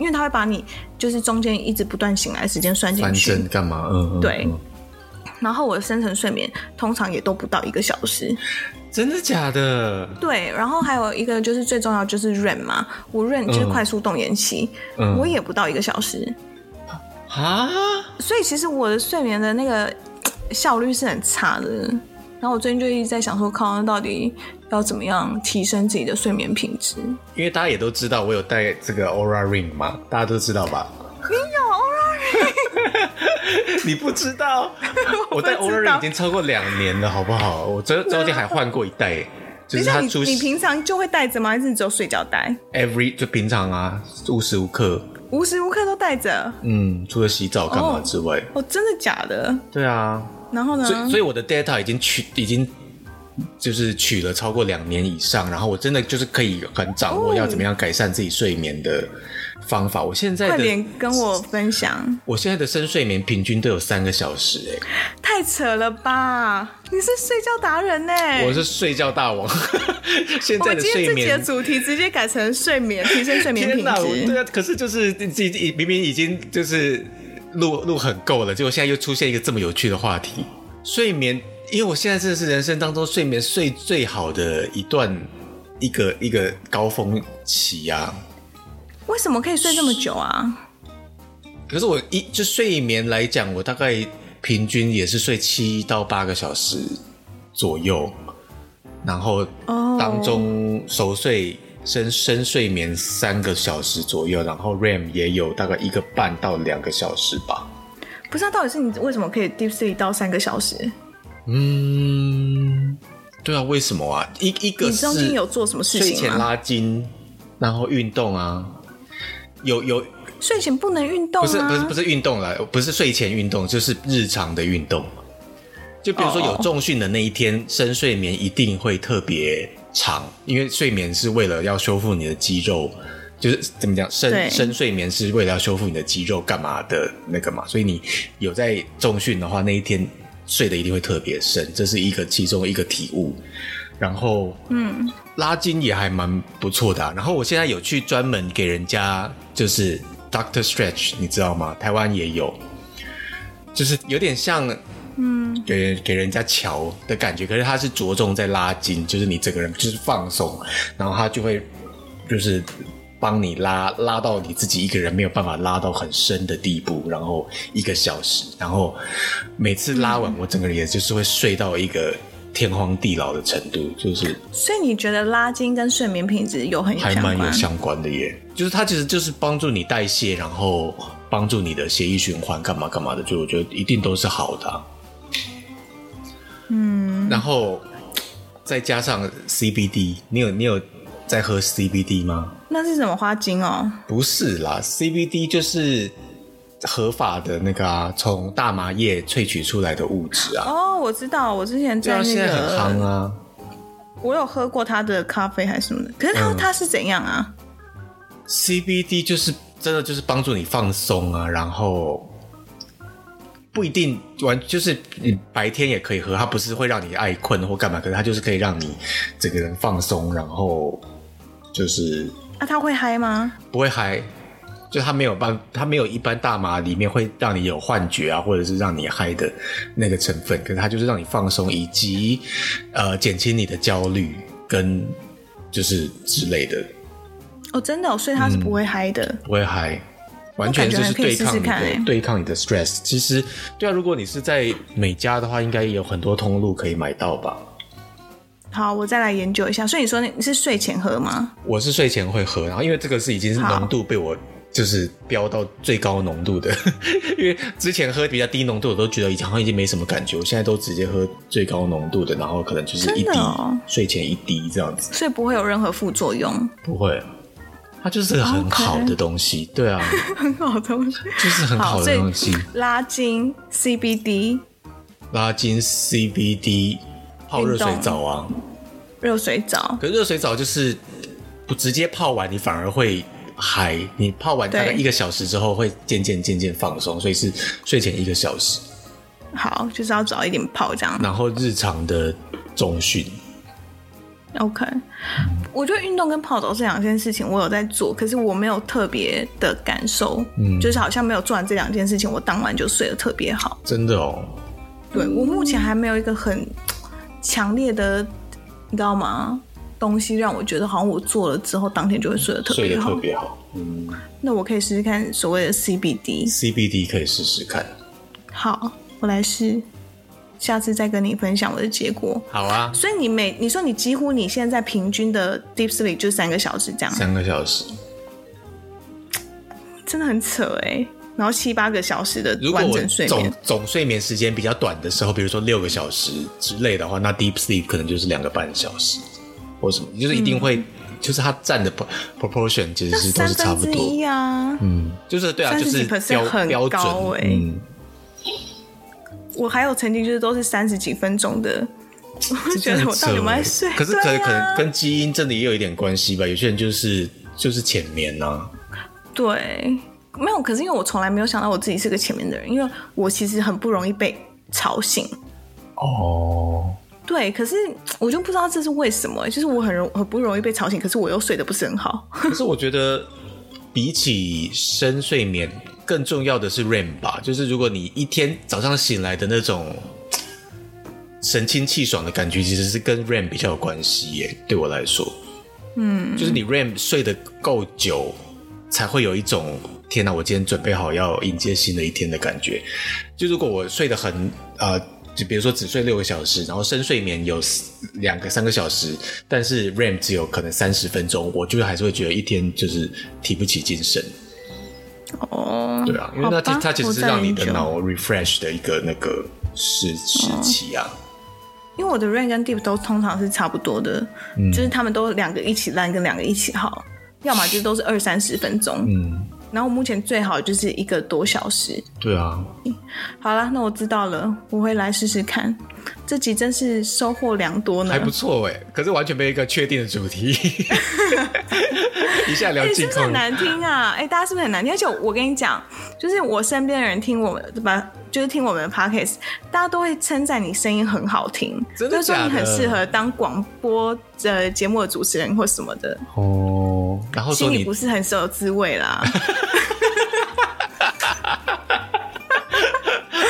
因為它會把你就是中間一直不斷醒來時間算進去。反正幹嘛呃呃呃？對。然後我的深層睡眠通常也都不到一個小時。真的假的？對。然後還有一個就是最重要就是 REM 嘛，我 REM 就是快速動眼期，呃呃，我也不到一個小時哈。所以其實我的睡眠的那個效率是很差的。然後我最近就一直在想說，康恩到底要怎麼樣提升自己的睡眠品質？因為大家也都知道我有戴這個 Aura Ring 嘛，大家都知道吧？你有 Aura Ring， 你不知， 不知道？我戴 Aura Ring 已經超過兩年了，好不好？我昨昨天還換過一代，欸，就是你，你平常就會戴着嗎？還是你只有睡覺戴？Every 就平常啊，無時無刻。無時無刻都戴着。嗯，除了洗澡幹嘛之外哦？哦，真的假的？對啊。然後呢，所以，所以我的 data 已經取，已經就是取了超過兩年以上。然後，我真的就是可以很掌握要怎麼樣改善自己睡眠的方法。哦、我現在快點跟我分享。我現在的深睡眠平均都有三個小時誒、欸，太扯了吧？你是睡覺達人呢、欸？我是睡覺大王。呵呵，現在我們今天這集的主題直接改成睡眠，提 升睡眠品質。天哪、對啊、可是就是自己明明已經就是。錄錄很夠了，結果現在又出現一個這麼有趣的話題，睡眠。因為我現在真的是人生當中睡眠睡最好的一段，一個一個高峰期啊。為什麼可以睡這麼久啊？是，可是我一就睡眠來講，我大概平均也是睡七到八個小時左右，然後當中熟睡、Oh.。深深睡眠三個小時左右，然後 REM 也有大概一個半到兩個小時吧。不是、啊，到底是你為什麼可以 deep sleep 到三個小時？嗯，對啊，為什麼啊？一一個是睡前拉筋，你中間有做什麼事情嗎？然後運動啊，有有。睡前不能運動啊？不是不是不是運動了，不是睡前運動，就是日常的運動。就比如說有重訓的那一天，oh, oh. 深睡眠一定會特別長，因為睡眠是為了要修復你的肌肉，就是怎麼講，深深睡眠是為了要修復你的肌肉幹嘛的那個嘛，所以你有在重訓的話，那一天睡得一定會特別深，這是一個其中一個體悟。然後，嗯，拉筋也還蠻不錯的啊。然後我現在有去專門給人家，就是 Doctor Stretch，你知道嗎？台灣也有，就是有點像。嗯，給人給人家瞧的感覺，可是他是着重在拉筋，就是你整個人就是放鬆，然後他就會就是幫你拉，拉到你自己一個人沒有辦法拉到很深的地步，然後一個小時，然後每次拉完我整個人也就是會睡到一個天荒地老的程度，就是。所以你覺得拉筋跟睡眠品質有很，還蠻有相關的耶，就是他其實就是幫助你代謝，然後幫助你的血液循環幹嘛幹嘛的，就我覺得一定都是好的啊。嗯，然後再加上 CBD，你有你有在喝 CBD 嗎？那是什麼花精哦？不是啦，CBD 就是合法的那個、啊、從大麻葉萃取出來的物質啊。哦，我知道，我之前在那個。啊、我有喝過他的咖啡還是什麼的，可是他他、嗯、是怎樣啊？CBD 就是真的就是幫助你放鬆啊，然後。不一定完，就是你、嗯、白天也可以喝，它不是會讓你愛困或幹嘛，可是它就是可以讓你整個人放鬆，然後就是……啊，它會嗨嗎？不會嗨，就它沒有辦，它沒有一般大麻裡面會讓你有幻覺啊，或者是讓你嗨的那個成分，可是它就是讓你放鬆以及呃、減輕你的焦慮跟就是之類的。哦，真的、哦，所以它是不會嗨的，嗯、不會嗨。完全就是對抗你的你試試，欸，、對抗你的 stress。其實，對啊，如果你是在美加的話，應該也有很多通路可以買到吧？好，我再來研究一下。所以你說你，你是睡前喝嗎？我是睡前會喝，然後因為這個是已經是濃度被我就是飆到最高濃度的。 因為之前喝比較低濃度，我都覺得好像已經沒什麼感覺。我現在都直接喝最高濃度的，然後可能就是一滴，哦，睡前一滴這樣子，所以不會有任何副作用，不會。它就是很好的東西，okay. 對啊， 很好的東西，就是很好的東西。拉筋 CBD，拉筋 CBD 泡熱水澡啊，熱水澡。可熱水澡就是不直接泡完，你反而會嗨。你泡完大概一個小時之後，會漸漸漸漸放鬆，所以是睡前一個小時。好，就是要早一點泡這樣。然後日常的重訓。OK，我覺得運動跟泡澡這兩件事情，我有在做，可是我沒有特別的感受。嗯，就是好像沒有做完這兩件事情，我當晚就睡得特別好。真的哦，對，我目前還沒有一個很強烈的，嗯，你知道嗎？東西讓我覺得好像我做了之後，當天就會睡得特別好，睡得特別好。嗯，那我可以試試看所謂的 CBD，CBD 可以試試看。好，我來試。下次再跟你分享我的結果。好啊。所以你每你說你幾乎你現在平均的 deep sleep 就三個小時這樣。三個小時，真的很扯哎、欸。然後七八個小時的完整睡眠。如果我總總睡眠時間比較短的時候，比如說六個小時之類的話，那 deep sleep 可能就是兩個半小時或什麼，就是一定會、嗯，就是它占的 proportion 其實是都是差不多。三分之一啊，嗯，就是對啊，就是標很高哎、欸。嗯我還有曾經就是都是三十幾分鐘的，我 覺得我到底有沒有睡，可是可能，啊、可能跟基因真的也有一點關係吧？有些人就是就是淺眠呢、啊，對，沒有。可是因為我從來沒有想到我自己是個淺眠的人，因為我其實很不容易被吵醒。哦、oh.，對。可是我就不知道這是為什麼，就是我很容很不容易被吵醒，可是我又睡得不是很好。 可是我覺得比起深睡眠。更重要的是 REM 吧，就是如果你一天早上醒來的那種神清氣爽的感覺，其實是跟 REM 比較有關係耶。對我來說，嗯，就是你 REM 睡得夠久，才會有一種天哪、啊，我今天準備好要迎接新的一天的感覺。就如果我睡得很啊，就、呃、比如說只睡六個小時，然後深睡眠有兩個三個小時，但是 REM 只有可能三十分鐘，我就還是會覺得一天就是提不起精神。哦、oh，對啊，因為那它，它其實是讓你的腦 refresh 的一個那個時時期啊。Oh, 因為我的 rain 跟 deep 都通常是差不多的，嗯、就是他們都兩個一起爛，跟兩個一起好，要麼就是都是二三十分鐘。嗯，然後目前最好就是一個多小時。對啊，好了，那我知道了，我會來試試看。這集真是收穫良多呢，還不錯哎、欸，可是完全沒有一個確定的主題。 一下了解，真的很難聽啊！哎、欸，大家是不是很難聽？而且我跟你講，就是我身邊的人聽我們，對吧？就是聽我們的 Podcast，大家都會稱讚你聲音很好聽，真的的就是、說你很適合當廣播的節目的主持人或什麼的。哦，然後心裡不是很受滋味啦。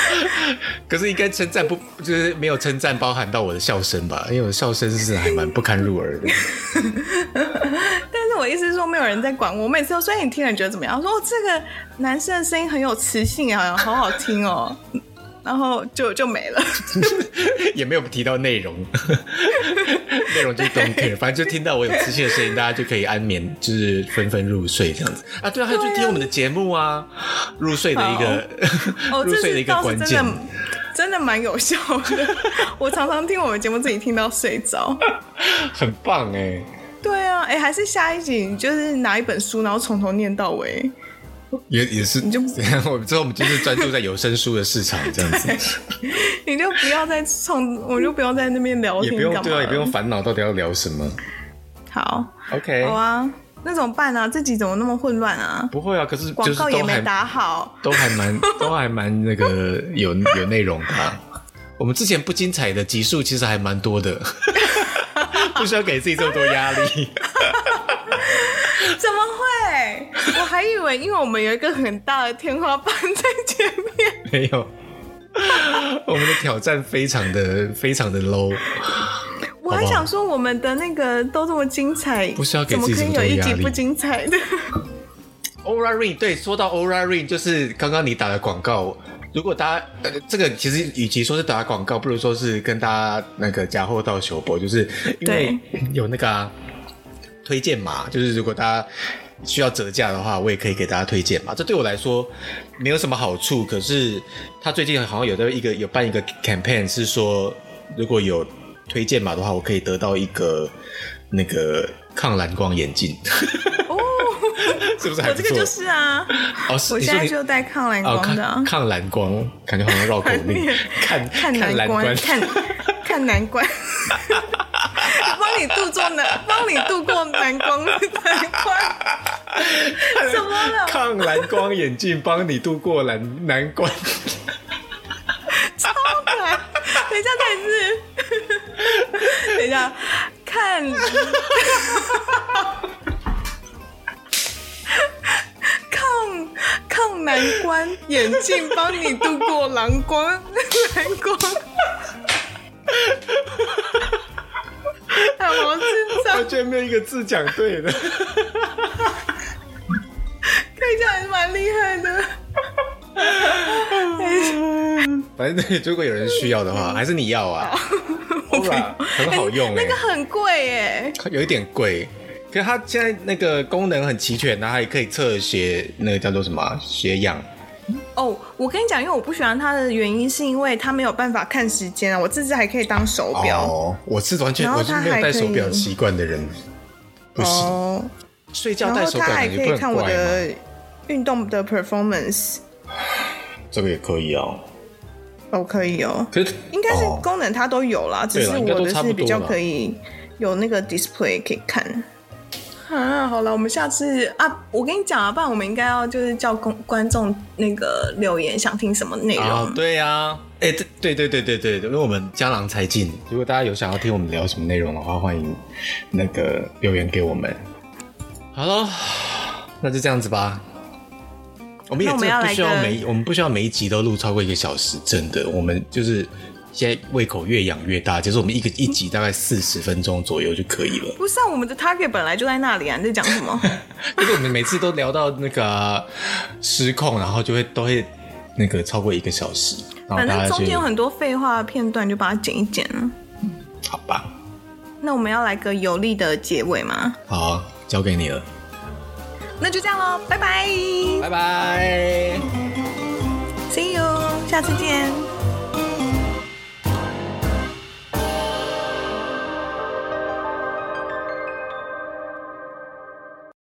可是應該稱讚不就是沒有稱讚包含到我的笑聲吧？因為我的笑聲是還蠻不堪入耳的。 我意思是說，沒有人在管我。我每次都，雖然你聽了你覺得怎麼樣？說、哦、這個男生的聲音很有磁性、啊，好像好好聽哦。然後就就沒了， 也沒有提到內容，內 容就 don't care 反正就聽到我有磁性的聲音，大家就可以安眠，就是紛紛入睡這樣子啊，啊。對啊，還有去聽我們的節目啊，入睡的一個，oh. 入睡的一個關鍵、哦，真的蠻有效的。 我常常聽我們節目，自己聽到睡着，很棒哎、欸。對啊，哎、欸，還是下一集，你就是拿一本書，然後從頭念到尾，也也是， 我之後我們就是專注在有聲書的市場這樣子。你就不要再從， 我就不用在那邊聊什麼，也不用對啊，也不用煩惱到底要聊什麼。好，OK，好啊，那怎麼辦呢、啊？這集怎麼那麼混亂啊？不會啊，可是廣告也沒打好，都還蠻，都還蠻 那個有有內容的。 我們之前不精彩的集數其實還蠻多的。 不需要給自己這麼多壓力 ，怎麼會？我還以為因為我們有一個很大的天花板在前面。 沒有，我們的挑戰非常的非常的 low。我還想說，我們的那個都這麼精彩， 不需要給自己這麼多壓力 怎麼可以有一集不精彩的？Oura Ring，對，說到 Oura Ring，就是剛剛你打的廣告。如果大家，呃，這個其實與其說是打廣告，不如說是跟大家那個加貨到球博，就是因為有那個推薦碼，就是如果大家需要折價的話，我也可以給大家推薦嘛。這對我來說沒有什麼好處，可是他最近好像有的一個有辦一個 campaign，是說如果有推薦碼的話，我可以得到一個那個抗藍光眼鏡。 我、哦、這個就是啊、哦是你你，我現在就戴抗藍光的，啊哦，抗藍光，感覺好像繞口令看看藍光， 看難關，幫你度過難，幫你度過難關，怎麼了？抗藍光眼鏡幫你度過難難關， 關 超可愛！等一下，再次等一下，看。 抗抗藍光眼鏡，幫你度過藍光，藍 南光。哈哈哈！哈哈哈！居然沒有一個字講對的。看一下還是蠻厲害的。反正這裡如果有人需要的話，還是你要啊。OK，很好，好用，欸欸、那個很貴哎，欸，它有一點貴。可是它現在那個功能很齊全，啊，它還可以測血，那個叫做什麼血、啊、氧。哦，oh, 我跟你講，因為我不喜歡它的原因，是因為它沒有辦法看時間啊。我甚至還可以當手錶。哦，我是完全然後他還可以，我是沒有戴手錶習慣的人。不是，哦、睡覺戴手錶你不會怪嗎？然，然後它還可以看我的運動的 performance。這個也可以哦。哦，可以哦。可是應該是功能它都有啦，是哦、只是我的是比較可以有那個 display 可以看。啊、好了，我們下次啊，我跟你講啊，不然我們應該要就是叫觀觀眾那個留言，想聽什麼內容？哦、對啊，對、欸、呀，哎，對對對對對對，因為我們江郎才盡，如果大家有想要聽我們聊什麼內容的話，歡迎那個留言給我們。好嘍，那就這樣子吧。我們也這不需要每我們，要我們不需要每一集都錄超過一個小時，真的，我們就是。現在胃口越養越大，就是我們一個一集大概四十分鐘左右就可以了。不是啊，我們的 target 本來就在那裡啊，你在講什麼？就 是我們每次都聊到那個失控， 然後就會都會那個超過一個小時。反正中間有很多廢話的片段，就把它剪一剪了，嗯。好吧。那我們要來個有力的結尾嗎？好，交給你了。那就這樣嘍，拜拜。拜，oh, 拜。See you，下次見。